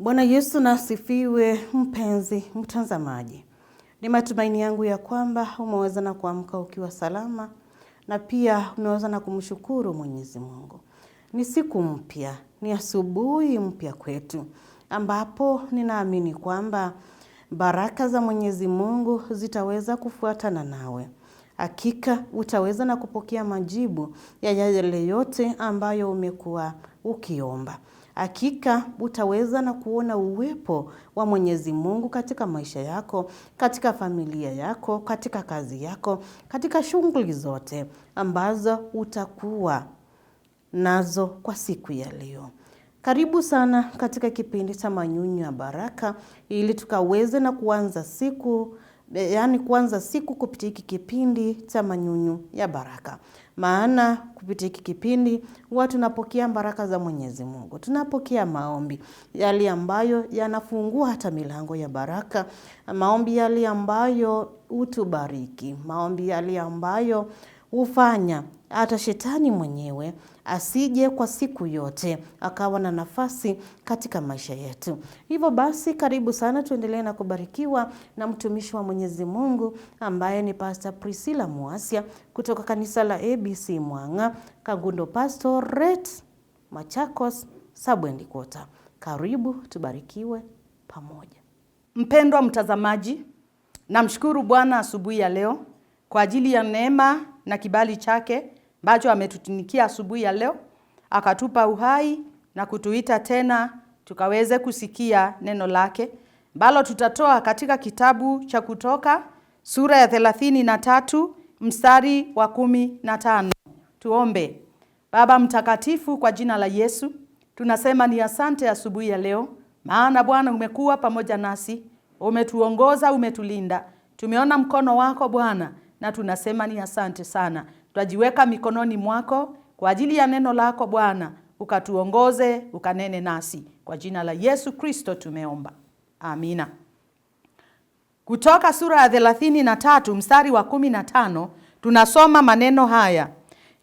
Bwana Yesu nasifiwe. Mpenzi mtazamaji, ni matumaini yangu ya kwamba umeweza na kuamka ukiwa salama na pia umeweza na kumshukuru Mwenyezi Mungu. Ni siku mpya, ni asubuhi mpya kwetu, ambapo ninaamini kwamba baraka za Mwenyezi Mungu zitaweza kufuatana nawe. Hakika utaweza na kupokea majibu ya yale yote ambayo umekuwa ukiomba hakika utaweza na kuona uwepo wa Mwenyezi Mungu katika maisha yako, katika familia yako, katika kazi yako, katika shughuli zote ambazo utakuwa nazo kwa siku ya leo. Karibu sana katika kipindi cha Manyunyu ya Baraka ili tukaweze na kuanza siku Eh, yaani kwanza siku kupitia hiki kipindi cha Manyunyu ya Baraka, maana kupitia hiki kipindi huwa tunapokea baraka za Mwenyezi Mungu, tunapokea maombi yale ambayo yanafungua hata milango ya baraka, maombi yale ambayo hutubariki, maombi yale ambayo hufanya hata shetani mwenyewe asije kwa siku yote akawa na nafasi katika maisha yetu. Hivyo basi, karibu sana, tuendelee na kubarikiwa na mtumishi wa Mwenyezi Mungu ambaye ni Pastor Priscilla Muasya kutoka kanisa la ABC Mwanga, Kangundo Pastorate, Machakos, Sabwendi Kota. Karibu tubarikiwe pamoja. Mpendwa mtazamaji, namshukuru Bwana asubuhi ya leo kwa ajili ya neema na kibali chake ambacho ametutunikia asubuhi ya leo, akatupa uhai na kutuita tena tukaweze kusikia neno lake ambalo tutatoa katika kitabu cha Kutoka sura ya thelathini na tatu mstari wa kumi na tano. Tuombe. Baba mtakatifu, kwa jina la Yesu tunasema ni asante asubuhi ya leo, maana Bwana umekuwa pamoja nasi, umetuongoza, umetulinda, tumeona mkono wako Bwana na tunasema ni asante sana. twajiweka mikononi mwako kwa ajili ya neno lako Bwana, ukatuongoze ukanene nasi, kwa jina la Yesu Kristo tumeomba, amina. Kutoka sura ya thelathini na tatu mstari wa kumi na tano tunasoma maneno haya: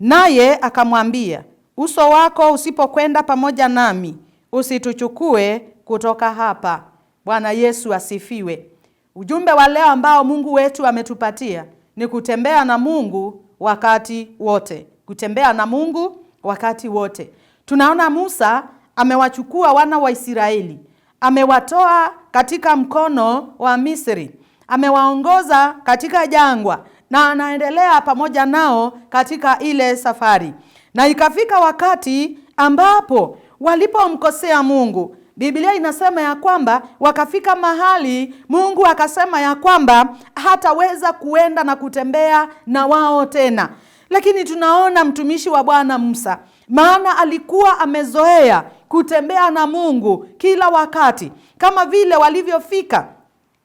naye akamwambia, uso wako usipokwenda pamoja nami, usituchukue kutoka hapa. Bwana Yesu asifiwe. Ujumbe wa leo ambao Mungu wetu ametupatia ni kutembea na Mungu wakati wote, kutembea na Mungu wakati wote. Tunaona Musa amewachukua wana wa Israeli, amewatoa katika mkono wa Misri, amewaongoza katika jangwa na anaendelea pamoja nao katika ile safari, na ikafika wakati ambapo walipomkosea Mungu Biblia inasema ya kwamba wakafika mahali Mungu akasema ya kwamba hataweza kuenda na kutembea na wao tena. Lakini tunaona mtumishi wa Bwana Musa, maana alikuwa amezoea kutembea na Mungu kila wakati, kama vile walivyofika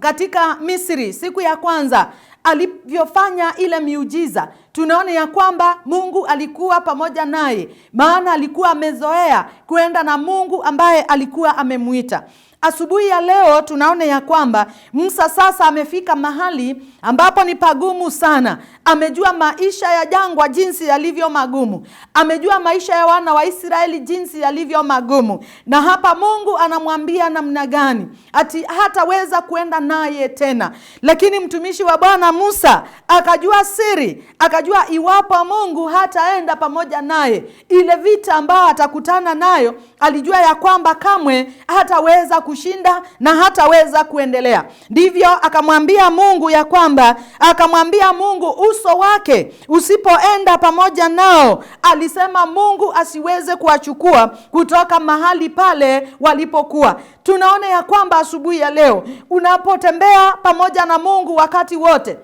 katika Misri siku ya kwanza alivyofanya ile miujiza, tunaona ya kwamba Mungu alikuwa pamoja naye, maana alikuwa amezoea kwenda na Mungu ambaye alikuwa amemwita. Asubuhi ya leo tunaona ya kwamba Musa sasa amefika mahali ambapo ni pagumu sana, amejua maisha ya jangwa jinsi yalivyo magumu, amejua maisha ya wana wa Israeli jinsi yalivyo magumu. Na hapa Mungu anamwambia namna gani ati hataweza kuenda naye tena. Lakini mtumishi wa Bwana Musa akajua siri, akajua iwapo Mungu hataenda pamoja naye, ile vita ambayo atakutana nayo, alijua ya kwamba kamwe hataweza kushinda na hataweza kuendelea. Ndivyo akamwambia Mungu ya kwamba akamwambia Mungu uso wake usipoenda pamoja nao, alisema Mungu asiweze kuwachukua kutoka mahali pale walipokuwa. Tunaona ya kwamba asubuhi ya leo unapotembea pamoja na Mungu wakati wote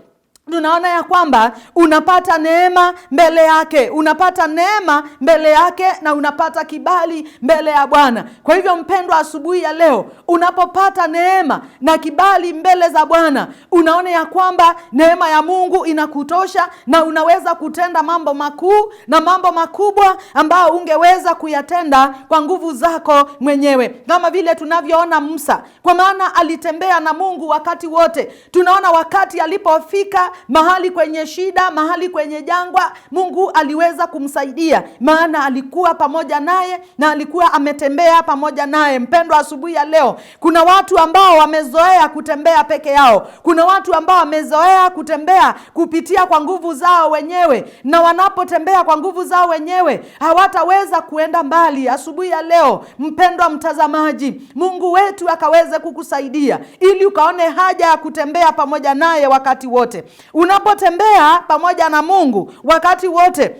tunaona ya kwamba unapata neema mbele yake, unapata neema mbele yake na unapata kibali mbele ya Bwana. Kwa hivyo, mpendwa, asubuhi ya leo unapopata neema na kibali mbele za Bwana, unaona ya kwamba neema ya Mungu inakutosha na unaweza kutenda mambo makuu na mambo makubwa ambayo ungeweza kuyatenda kwa nguvu zako mwenyewe, kama vile tunavyoona msa kwa maana alitembea na Mungu wakati wote. Tunaona wakati alipofika mahali kwenye shida, mahali kwenye jangwa, Mungu aliweza kumsaidia, maana alikuwa pamoja naye na alikuwa ametembea pamoja naye. Mpendwa, asubuhi ya leo, kuna watu ambao wamezoea kutembea peke yao, kuna watu ambao wamezoea kutembea kupitia kwa nguvu zao wenyewe, na wanapotembea kwa nguvu zao wenyewe hawataweza kuenda mbali. Asubuhi ya leo, mpendwa mtazamaji, Mungu wetu akaweze kukusaidia ili ukaone haja ya kutembea pamoja naye wakati wote. Unapotembea pamoja na Mungu wakati wote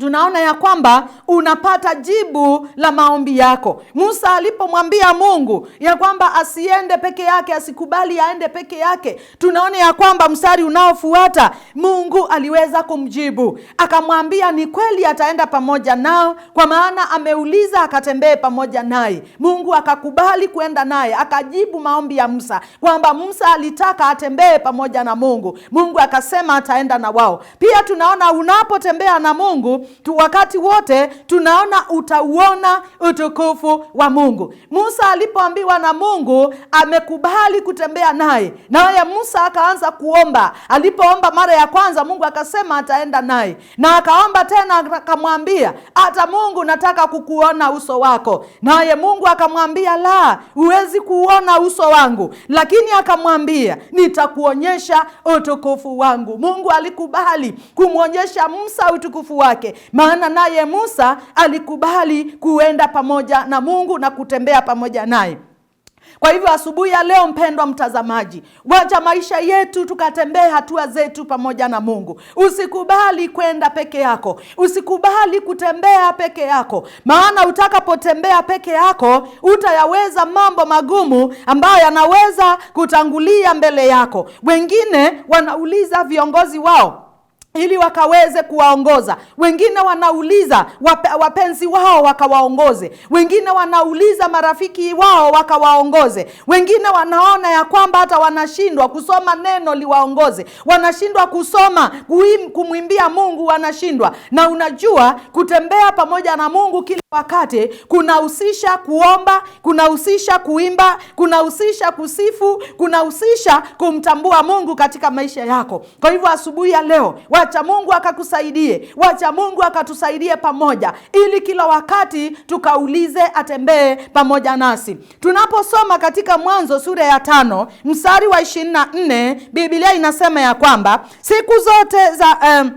tunaona ya kwamba unapata jibu la maombi yako. Musa alipomwambia Mungu ya kwamba asiende peke yake, asikubali aende peke yake, tunaona ya kwamba mstari unaofuata Mungu aliweza kumjibu, akamwambia ni kweli ataenda pamoja nao, kwa maana ameuliza akatembee pamoja naye. Mungu akakubali kuenda naye, akajibu maombi ya Musa kwamba Musa alitaka atembee pamoja na Mungu. Mungu akasema ataenda na wao. Pia tunaona unapotembea na Mungu tu wakati wote tunaona utauona utukufu wa Mungu. Musa alipoambiwa na Mungu amekubali kutembea naye, naye Musa akaanza kuomba. Alipoomba mara ya kwanza, Mungu akasema ataenda naye, na akaomba tena, akamwambia hata Mungu, nataka kukuona uso wako, naye Mungu akamwambia la, huwezi kuona uso wangu, lakini akamwambia nitakuonyesha utukufu wangu. Mungu alikubali kumwonyesha Musa utukufu wake, maana naye Musa alikubali kuenda pamoja na Mungu na kutembea pamoja naye. Kwa hivyo asubuhi ya leo, mpendwa mtazamaji, wacha maisha yetu tukatembee hatua zetu pamoja na Mungu. Usikubali kwenda peke yako, usikubali kutembea peke yako, maana utakapotembea peke yako utayaweza mambo magumu ambayo yanaweza kutangulia mbele yako. Wengine wanauliza viongozi wao ili wakaweze kuwaongoza wengine. Wanauliza wapenzi wao wakawaongoze, wengine wanauliza marafiki wao wakawaongoze, wengine wanaona ya kwamba hata wanashindwa kusoma neno liwaongoze, wanashindwa kusoma kumwimbia Mungu, wanashindwa. Na unajua kutembea pamoja na Mungu kila wakati kunahusisha kuomba, kunahusisha kuimba, kunahusisha kusifu, kunahusisha kumtambua Mungu katika maisha yako. Kwa hivyo asubuhi ya leo wa Wacha Mungu akakusaidie, wacha Mungu akatusaidie pamoja, ili kila wakati tukaulize atembee pamoja nasi. Tunaposoma katika Mwanzo sura ya tano mstari wa 24 Biblia inasema ya kwamba siku zote za um,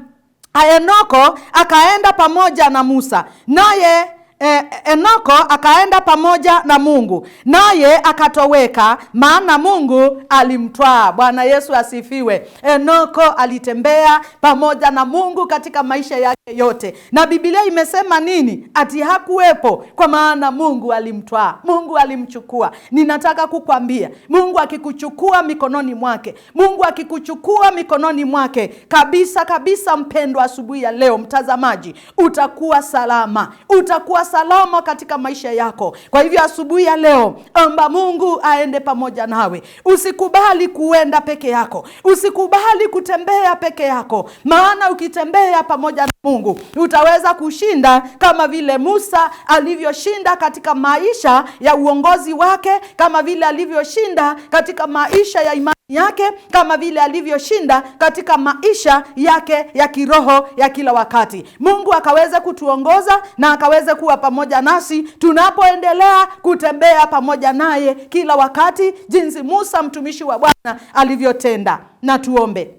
Enoko akaenda pamoja na Musa naye E, Enoko akaenda pamoja na Mungu naye akatoweka, maana Mungu alimtwaa. Bwana Yesu asifiwe. Enoko alitembea pamoja na Mungu katika maisha yake yote, na Biblia imesema nini? Ati hakuwepo kwa maana Mungu alimtwaa, Mungu alimchukua. Ninataka kukwambia Mungu akikuchukua mikononi mwake, Mungu akikuchukua mikononi mwake kabisa kabisa, mpendwa, asubuhi ya leo mtazamaji, utakuwa salama, utakuwa salama katika maisha yako. Kwa hivyo asubuhi ya leo, omba Mungu aende pamoja nawe. Usikubali kuenda peke yako, usikubali kutembea peke yako, maana ukitembea pamoja na Mungu utaweza kushinda kama vile Musa alivyoshinda katika maisha ya uongozi wake, kama vile alivyoshinda katika maisha ya imani yake kama vile alivyoshinda katika maisha yake ya kiroho ya kila wakati. Mungu akaweze kutuongoza na akaweze kuwa pamoja nasi tunapoendelea kutembea pamoja naye kila wakati, jinsi Musa mtumishi wa Bwana alivyotenda. Na tuombe.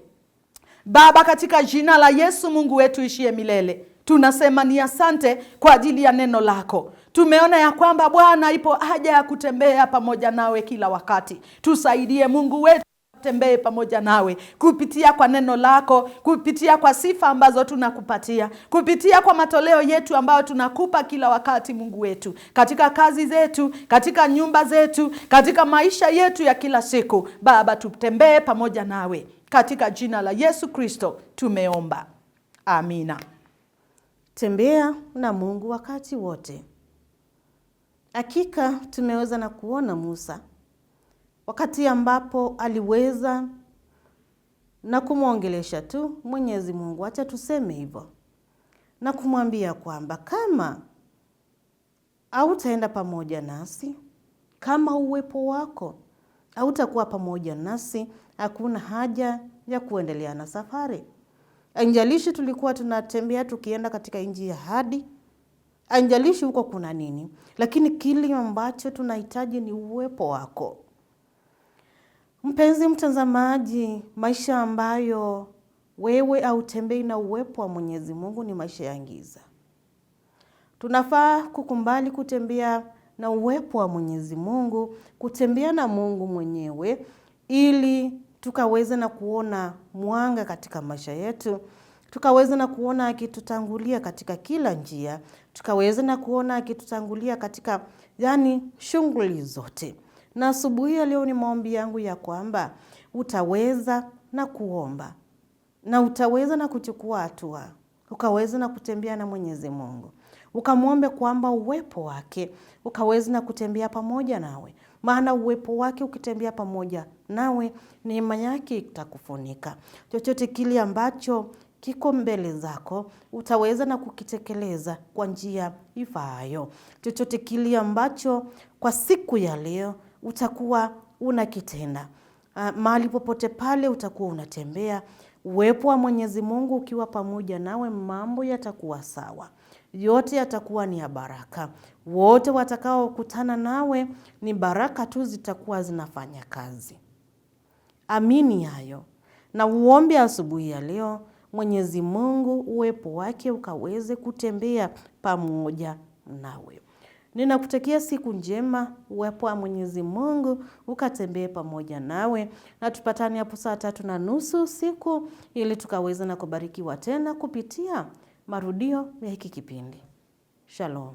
Baba, katika jina la Yesu Mungu wetu ishie milele, tunasema ni asante kwa ajili ya neno lako. Tumeona ya kwamba Bwana, ipo haja ya kutembea pamoja nawe kila wakati. Tusaidie Mungu wetu tutembee pamoja nawe kupitia kwa neno lako, kupitia kwa sifa ambazo tunakupatia, kupitia kwa matoleo yetu ambayo tunakupa kila wakati, Mungu wetu, katika kazi zetu, katika nyumba zetu, katika maisha yetu ya kila siku. Baba, tutembee pamoja nawe katika jina la Yesu Kristo tumeomba, amina. Tembea na Mungu wakati wote. Hakika tumeweza na kuona Musa wakati ambapo aliweza na kumwongelesha tu Mwenyezi Mungu, acha tuseme hivyo, na kumwambia kwamba kama hautaenda pamoja nasi, kama uwepo wako hautakuwa pamoja nasi, hakuna haja ya kuendelea na safari. Anjalishi tulikuwa tunatembea tukienda katika nchi ya hadi anjalishi huko kuna nini, lakini kile ambacho tunahitaji ni uwepo wako. Mpenzi mtazamaji, maisha ambayo wewe hautembei na uwepo wa Mwenyezi Mungu ni maisha ya giza. Tunafaa kukumbali kutembea na uwepo wa Mwenyezi Mungu, kutembea na Mungu mwenyewe ili tukaweze na kuona mwanga katika maisha yetu, tukaweze na kuona akitutangulia katika kila njia, tukaweze na kuona akitutangulia katika yani shughuli zote. Na asubuhi ya leo ni maombi yangu ya kwamba utaweza na kuomba na utaweza na kuchukua hatua, ukaweza na kutembea na Mwenyezi Mungu, ukamwombe kwamba uwepo wake ukaweza na kutembea pamoja nawe, maana uwepo wake ukitembea pamoja nawe, neema yake itakufunika. Chochote kile ambacho kiko mbele zako utaweza na kukitekeleza kwa njia ifaayo. Chochote kile ambacho kwa siku ya leo utakuwa unakitenda. Uh, ah, mahali popote pale utakuwa unatembea, uwepo wa Mwenyezi Mungu ukiwa pamoja nawe, mambo yatakuwa sawa, yote yatakuwa ni ya baraka. Wote watakaokutana nawe ni baraka tu zitakuwa zinafanya kazi. Amini hayo na uombe asubuhi ya leo, Mwenyezi Mungu uwepo wake ukaweze kutembea pamoja nawe. Ninakutakia siku njema, uwepo wa Mwenyezi Mungu ukatembee pamoja nawe, na tupatane hapo saa tatu na nusu usiku ili tukaweza na kubarikiwa tena kupitia marudio ya hiki kipindi. Shalom.